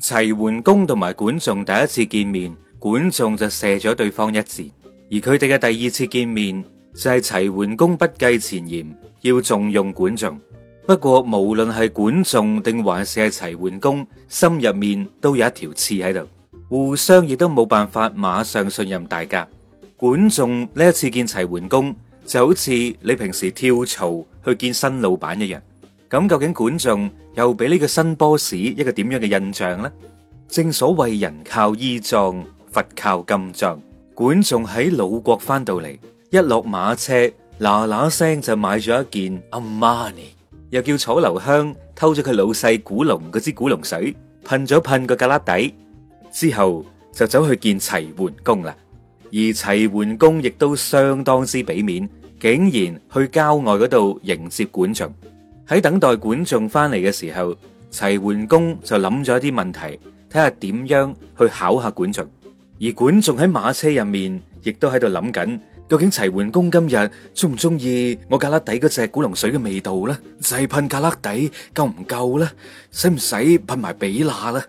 齊桓公同埋管仲第一次見面，管仲就射咗對方一箭；而佢哋嘅第二次見面，就係齊桓公不計前嫌要重用管仲。不過，無論係管仲定還是係齊桓公，心入面都有一條刺喺度，互相亦都冇辦法馬上信任大家。管仲呢一次見齊桓公，就好似你平時跳槽去見新老闆一樣。咁究竟管仲又俾呢個新 boss 一個點樣嘅印象呢？正所謂人靠衣裝，佛靠金裝。管仲喺魯國翻到嚟，一落馬車，嗱嗱聲就買咗一件阿瑪尼，又叫楚留香偷咗佢老細古龍嗰支古龍水，噴咗噴個格粒底，之後就走去見齊桓公啦。而齊桓公亦都相當之俾面，竟然去郊外嗰度迎接管仲。.喺等待管仲翻嚟嘅時候，齊桓公就諗咗一啲問題，睇下點樣去考下管仲。而管仲喺馬車入面，亦都喺度諗緊，究竟齊桓公今日中唔中意我胳肋底嗰隻古龍水嘅味道咧？就係噴胳肋底夠唔夠咧？使唔使噴埋比娜咧？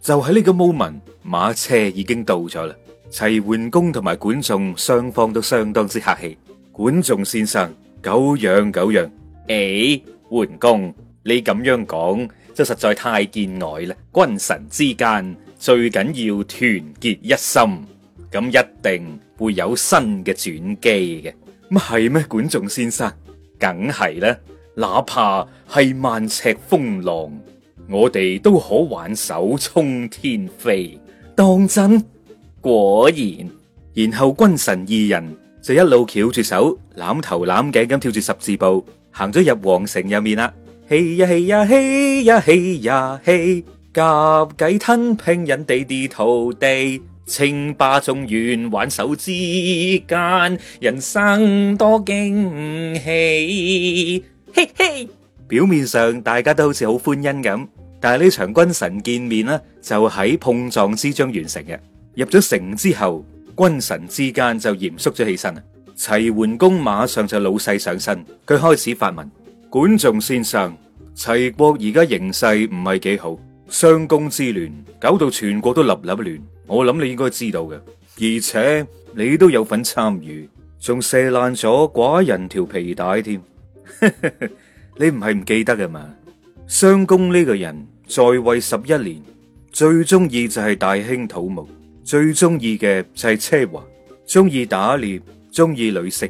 就喺呢個 moment，馬車已經到咗啦。齊桓公同埋管仲雙方都相當之客氣，管仲先生，久仰久仰，誒。桓公，你咁樣講就實在太見外啦！君臣之間最緊要團結一心，咁一定會有新嘅轉機嘅。咁係咩？管仲先生，梗係啦，哪怕係萬尺風浪，我哋都可挽手衝天飛。當真？果然。然後君臣二人就一路翹住手，攬頭攬頸咁跳住十字步。行咗入皇城入面啦，嘿呀嘿呀嘿呀嘿呀嘿，夾計吞併人哋啲土地，稱霸中原玩手之間，人生多驚喜。嘿嘿，表面上大家都好似好歡欣咁，但係呢場君臣見面呢，就喺碰撞之中完成嘅。入咗城之後，君臣之間就嚴肅咗起身。齊桓公馬上就老細上身，佢開始發問：管仲先生，齊國而家形勢唔係幾好，襄公之亂搞到全國都立立亂，亂。我諗你應該知道嘅，而且你都有份參與，仲射爛咗寡人條皮帶添。 你唔係唔記得嘅嘛？襄公呢個人在位十一年，最中意就係大興土木，最中意嘅就係奢華，中意打獵。中意女色，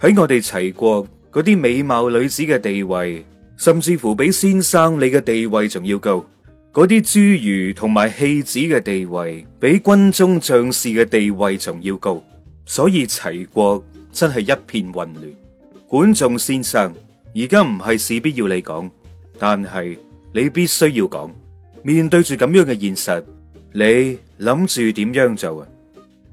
喺我哋齊國嗰啲美貌女子嘅地位，甚至乎比先生你嘅地位仲要高。嗰啲侏儒同埋戲子嘅地位，比軍中將士嘅地位仲要高。所以齊國真係一片混亂。管仲先生，而家唔係事必要你講，但係你必須要講。面對住咁樣嘅現實，你諗住點樣做啊？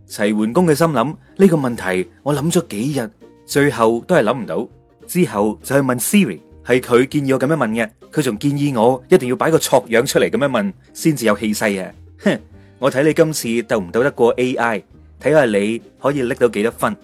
齊桓公嘅心諗呢個問題，我諗咗幾日，最後都係諗唔到。之後就去問 Siri，係佢建議我咁樣問嘅。佢仲建議我一定要擺個錯樣出嚟，咁樣問，先至有氣勢啊！哼，我睇你今次鬥唔鬥得過 AI？睇下你可以拎到幾多分。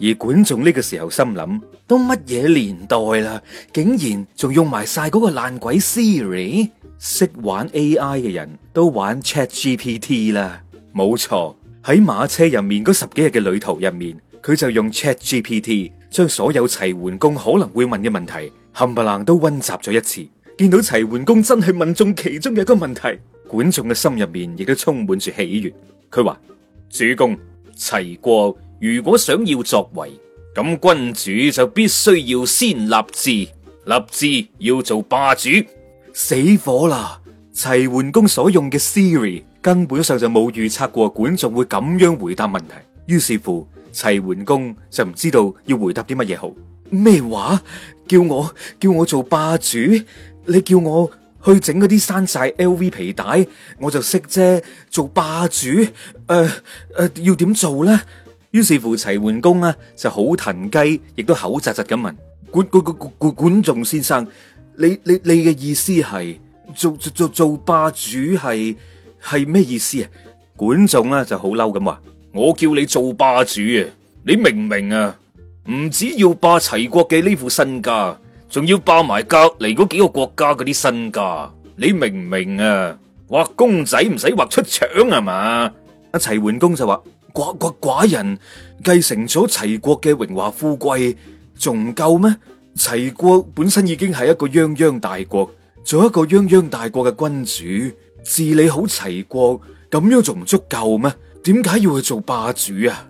而管仲呢個時候心諗，都乜嘢年代啦，竟然仲用埋晒嗰個爛鬼 Siri？識玩 AI 嘅人都玩 ChatGPT 啦，冇錯。喺馬車入面嗰十幾日嘅旅途入面，佢就用 ChatGPT 將所有齊桓公可能會問嘅問題冚唪唥都溫習咗一次。見到齊桓公真係問中其中一個問題，管仲嘅心入面亦都充滿住喜悅。佢話：主公，齊國如果想要作為，咁君主就必須要先立志，立志要做霸主。死火啦！齊桓公所用嘅 Siri，根本上就冇預測過，管仲會咁樣回答問題。於是乎，齊桓公就唔知道要回答啲乜嘢好咩，話叫我叫我做霸主？你叫我去整嗰啲山寨 L V 皮帶，我就識啫。做霸主誒誒，要點做咧？於是乎，齊桓公咧就好騰雞，亦都口窒窒咁問管個個個管管仲先生，你你你嘅意思係做做做做霸主係？係咩意思啊？管仲咧就好嬲咁話：我叫你做霸主啊！你明唔明啊？唔只要霸齊國嘅呢副身家，仲要霸埋隔籬嗰幾個國家嗰啲身家，你明唔明啊？畫公仔唔使畫出腸啊嘛！阿齊桓公就話：寡寡寡人繼承咗齊國嘅榮華富貴，仲唔夠咩？齊國本身已經係一個泱泱大國，做一個泱泱大國嘅君主。治理好齊國，咁樣仲唔足夠咩？點解要去做霸主啊？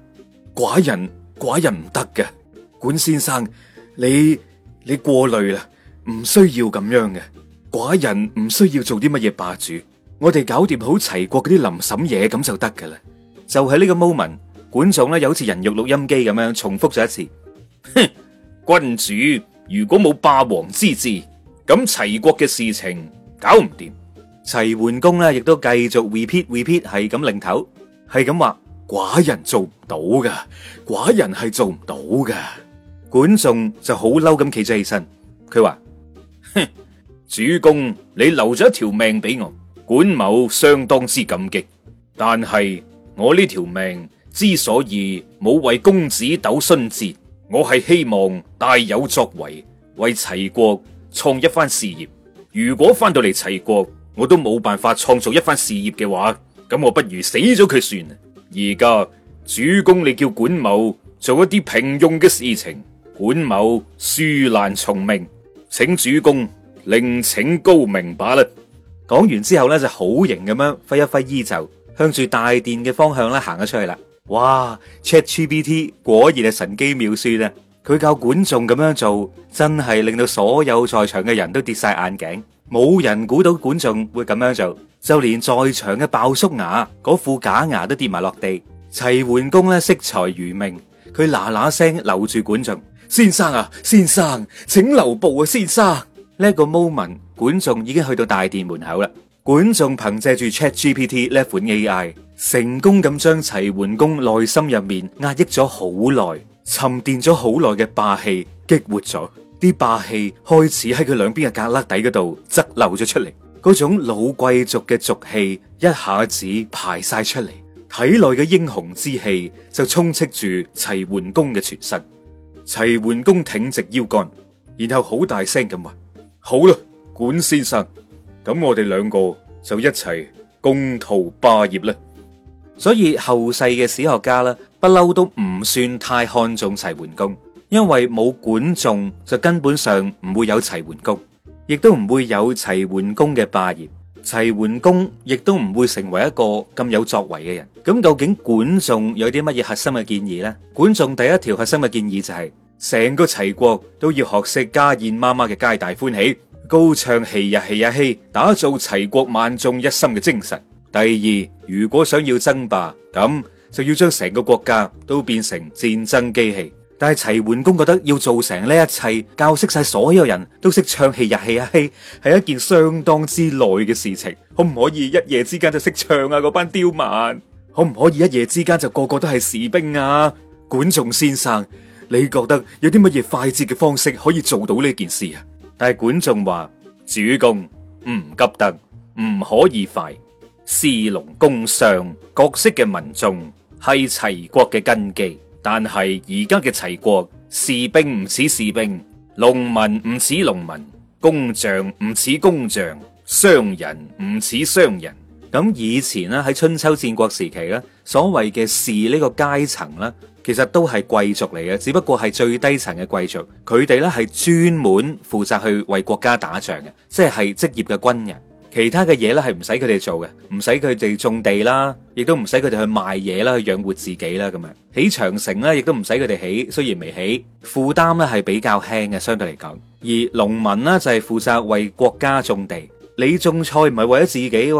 寡人寡人，唔得嘅，管先生，你你過慮啦，唔需要咁樣嘅。寡人唔需要做啲乜嘢霸主，我哋搞掂好齊國嗰啲臨審嘢咁就得噶啦。就喺呢個 moment，管仲咧有好似人肉錄音機咁樣重複咗一次。哼， 君主如果冇霸王之志，咁齊國嘅事情搞唔掂。齊桓公啦，亦都繼續 repeat repeat 係咁擰頭，係咁話：寡人做唔到噶，寡人係做唔到噶。管仲就好嬲咁企咗起身，佢話：哼，主公，你留咗一條命俾我，管某相當之感激。但係我呢條命之所以冇為公子斗殉節，我係希望大有作為，為齊國創一番事業。如果翻到嚟齊國，我都冇辦法創造一番事業嘅話，咁我不如死咗佢算。而家主公你叫管某做一啲平庸嘅事情，管某恕難從命，請主公另請高明罷啦。講完之後咧就好型咁樣揮一揮衣袖，向住大殿嘅方向咧行咗出去啦。哇！ChatGPT 果然係神機妙算啊！佢教管仲咁樣做，真係令到所有在場嘅人都跌晒眼鏡。冇人估到管仲會咁樣做，就連在場嘅鮑叔牙嗰副假牙都跌埋落地。齊桓公咧，惜財如命，佢嗱嗱聲留住管仲。先生啊，先生，請留步啊，先生。呢一個 moment，管仲已經去到大殿門口啦。管仲憑借住 Chat GPT 呢款 AI，成功咁將齊桓公內心入面壓抑咗好耐、沉澱咗好耐嘅霸氣激活咗。啲霸氣開始喺佢兩邊嘅格肋底嗰度，則漏咗出嚟。嗰種老貴族嘅俗氣一下子排晒出嚟，體內嘅英雄之氣就充斥住齊桓公嘅全身。齊桓公挺直腰杆，然後好大聲咁話：好啦，管先生，咁我哋兩個就一齊共圖霸業啦。所以後世嘅史學家啦，不嬲都唔算太看重齊桓公。因為冇管仲，就根本上唔會有齊桓公，亦都唔會有齊桓公嘅霸業。齊桓公亦都唔會成為一個咁有作為嘅人。咁究竟管仲有啲乜嘢核心嘅建議呢？管仲第一條核心嘅建議就係成個齊國都要學識家燕媽媽嘅皆大歡喜，高唱唏呀唏呀嘿，打造齊國萬眾一心嘅精神。第二，如果想要爭霸，咁就要將成個國家都變成戰爭機器。但係齊桓公覺得要做成呢一切，教識晒所有人都識唱戲、日戲、日戲，係一件相當之耐嘅事情。可唔可以一夜之間就識唱啊？嗰班刁民，可唔可以一夜之間就個個都係士兵啊？管仲先生，你覺得有啲乜嘢快捷嘅方式可以做到呢件事啊？但係管仲話：主公唔急得，唔可以快。士農工商各色嘅民眾係齊國嘅根基。但係而家嘅齊國，士兵唔似士兵，農民唔似農民，工匠唔似工匠，商人唔似商人。咁以前咧，喺春秋戰國時期咧，所謂嘅士呢個階層咧，其實都係貴族嚟嘅，只不過係最低層嘅貴族，佢哋咧係專門負責去為國家打仗嘅，即係職業嘅軍人。其他嘅嘢咧，係唔使佢哋做嘅，唔使佢哋種地啦，亦都唔使佢哋去賣嘢啦，去養活自己啦。咁樣起長城咧，亦都唔使佢哋起，雖然未起，負擔咧係比較輕嘅，相對嚟講。而農民咧就係負責為國家種地，你種菜唔係為咗自己，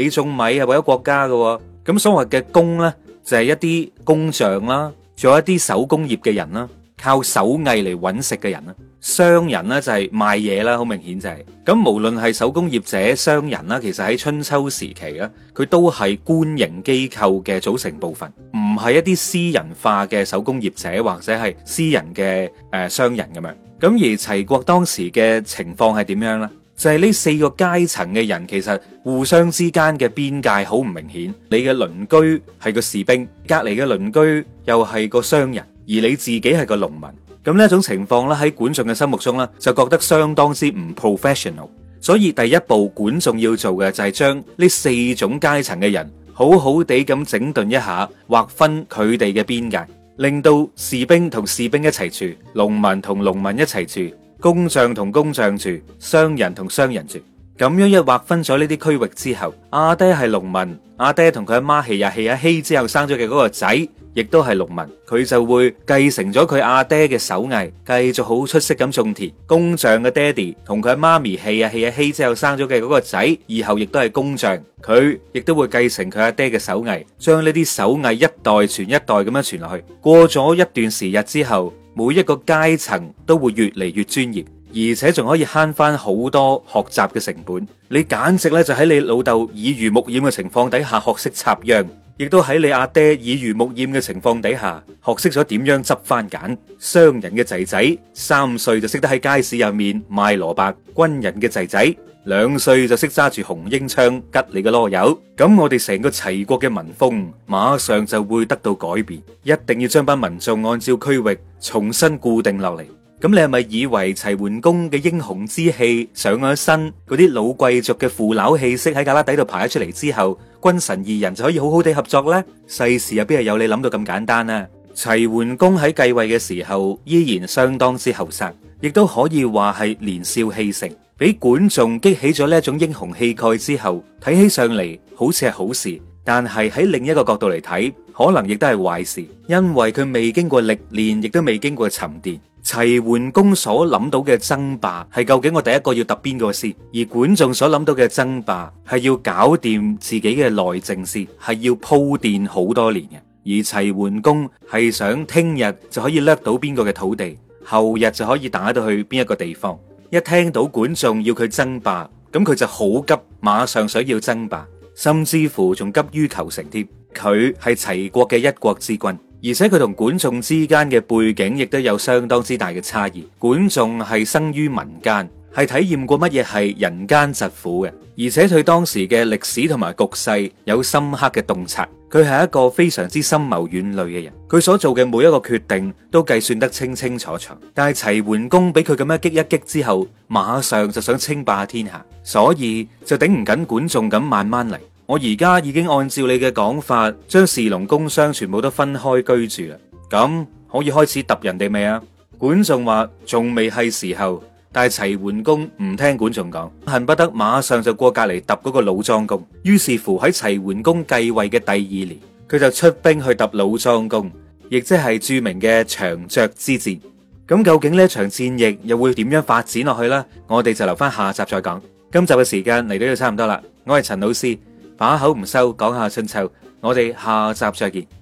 你種米係為咗國家㗎。咁所謂嘅工咧就係一啲工匠啦，做一啲手工業嘅人啦。靠手藝嚟搵食嘅人啦，商人咧就係賣嘢啦，好明顯就係。咁無論係手工業者、商人啦，其實喺春秋時期咧，佢都係官營機構嘅組成部分，唔係一啲私人化嘅手工業者或者係私人嘅誒商人咁樣。咁而齊國當時嘅情況係點樣呢？就係呢四個階層嘅人其實互相之間嘅邊界好唔明顯，你嘅鄰居係個士兵，隔籬嘅鄰居又係個商人。而你自己係個農民，咁呢一種情況咧，喺管仲嘅心目中咧，就覺得相當之唔 professional。所以第一步，管仲要做嘅就係將呢四種階層嘅人好好地咁整頓一下，劃分佢哋嘅邊界，令到士兵同士兵一齊住，農民同農民一齊住，工匠同工匠住，商人同商人住。咁樣一劃分咗呢啲區域之後，阿爹係農民，阿爹同佢阿媽唏呀唏呀嘿之後生咗嘅嗰個仔，亦都係農民，佢就會繼承咗佢阿爹嘅手藝，繼續好出色咁種田。工匠嘅爹哋同佢媽咪 hea 啊 hea 啊 hea 之後生咗嘅嗰個仔，以後亦都係工匠，佢亦都會繼承佢阿爹嘅手藝，將呢啲手藝一代傳一代咁樣傳落去。過咗一段時日之後，每一個階層都會越嚟越專業，而且仲可以慳翻好多學習嘅成本。你簡直咧就喺你老豆耳濡目染嘅情況底下學識插秧。亦都喺你阿爹耳濡目染嘅情況底下，學識咗點樣執翻揀。商人嘅仔仔，三歲就識得喺街市入面賣蘿蔔；軍人嘅仔仔兩歲就識揸住紅纓槍吉你個囉柚。咁我哋成個齊國嘅民風馬上就會得到改變，一定要將班民眾按照區域重新固定落嚟。咁你係咪以為齊桓公嘅英雄之氣上咗身，嗰啲老貴族嘅腐朽氣息喺旮旯底度排咗出嚟之後，君臣二人就可以好好地合作呢？世事又邊係有你諗到咁簡單呢，啊？齊桓公喺繼位嘅時候，依然相當之後生，亦都可以話係年少氣盛。俾管仲激起咗呢一種英雄氣概之後，睇起上嚟好似係好事，但係喺另一個角度嚟睇，可能亦都係壞事，因為佢未經過歷練，亦都未經過沉澱。齊桓公所諗到嘅爭霸，係究竟我第一個要揼邊個先？而管仲所諗到嘅爭霸，係要搞掂自己嘅內政先，係要鋪墊好多年嘅。而齊桓公係想聽日就可以掠到邊個嘅土地，後日就可以打到去邊一個地方。一聽到管仲要佢爭霸，咁佢就好急，馬上想要爭霸，甚至乎仲急於求成添。佢係齊國嘅一國之君。而且佢同管仲之間嘅背景亦都有相當之大嘅差異。管仲係生於民間，係體驗過乜嘢係人間疾苦嘅，而且對當時嘅歷史同埋局勢有深刻嘅洞察。佢係一個非常之深謀遠慮嘅人，佢所做嘅每一個決定都計算得清清楚楚。但係齊桓公俾佢咁樣激一激之後，馬上就想稱霸天下，所以就頂唔緊管仲咁慢慢嚟。我而家已經按照你嘅講法，將士農工商全部都分開居住啦。咁可以開始揼人哋未啊？管仲話仲未係時候，但係齊桓公唔聽管仲講，恨不得馬上就過隔籬揼嗰個老莊公。於是乎喺齊桓公繼位嘅第二年，佢就出兵去揼老莊公，亦即係著名嘅長勺之戰。咁、嗯、究竟呢一場戰役又會點樣發展落去呢？我哋就留翻下集再講。今集嘅時間嚟到就差唔多啦，我係陳老師。把口唔收，講下春秋。我哋下集再見。